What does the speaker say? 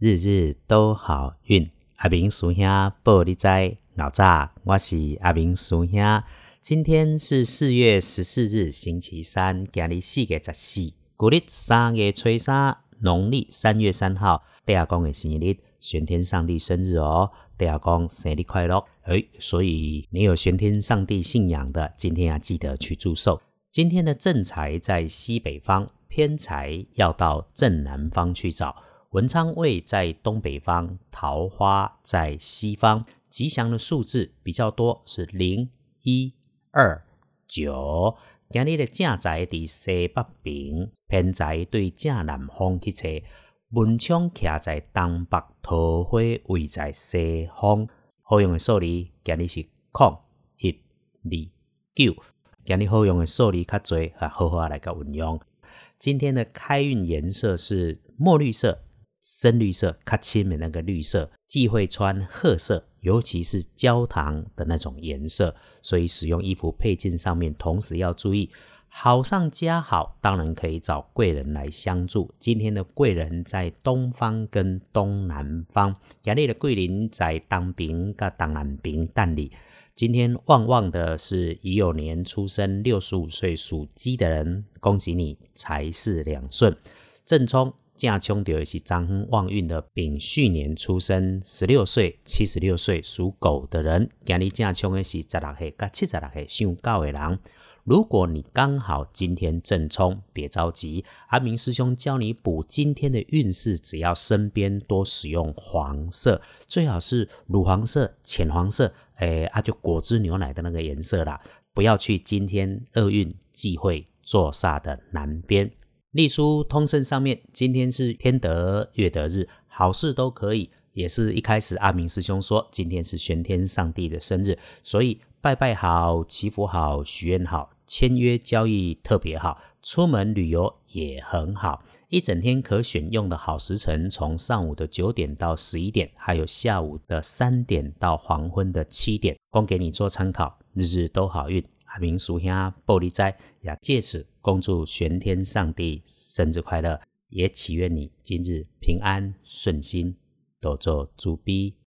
日日都好運，阿明師兄報你知，老炸，我是阿明師兄。今天是四月十四日，星期三，今日四月十四，古日三月初三，農曆三月三號。第二公嘅星期日，玄天上帝生日哦。第二公生日快樂誒，所以你有玄天上帝信仰的，今天要記得去祝壽。今天的正財在西北方，偏財要到正南方去找。文昌位在東北方，桃花在西方，吉祥的數字比較多是零一二九。今日的正財佇西北平，偏財對正南方去找。文昌徛在東北，桃花位在西方，好用的數字今日是空，一二九。今日好用的數字較儕，啊，好好來個運用。今天的開運顏色是墨綠色。深綠色，卡青民那個綠色，忌諱穿褐色，尤其是焦糖的那種顏色。所以使用衣服配件上面，同時要注意好上加好。當然可以找貴人來相助。今天的貴人在東方跟東南方，壓力的貴人在當兵跟當男兵蛋裡。今天旺旺的是乙酉年出生六十五歲屬雞的人，恭喜你財勢兩順，正沖。正沖到的是張亨旺運的丙戌年出生，十六歲、七十六歲屬狗的人。今日正沖的是十六歲及七十六歲屬狗的人。如果你剛好今天正沖，別着急。阿明師兄教你補今天的運勢，只要身邊多使用黃色，最好是乳黃色、淺黃色，誒、哎、阿、啊、就果汁牛奶的那個顏色啦。不要去今天厄運忌諱坐煞的南邊。曆書通勝上面，今天是天德月德日，好事都可以。也是一開始阿明師兄說，今天是玄天上帝的生日，所以拜拜好，祈福好，許願好，簽約交易特別好，出門旅遊也很好。一整天可選用的好時辰，從上午的九點到十一點，還有下午的三點到黃昏的七點，供給你做參考。日日都好運。明師兄，布利齋也借此恭祝玄天上帝生日快樂，也祈願你今日平安順心，多做慈悲。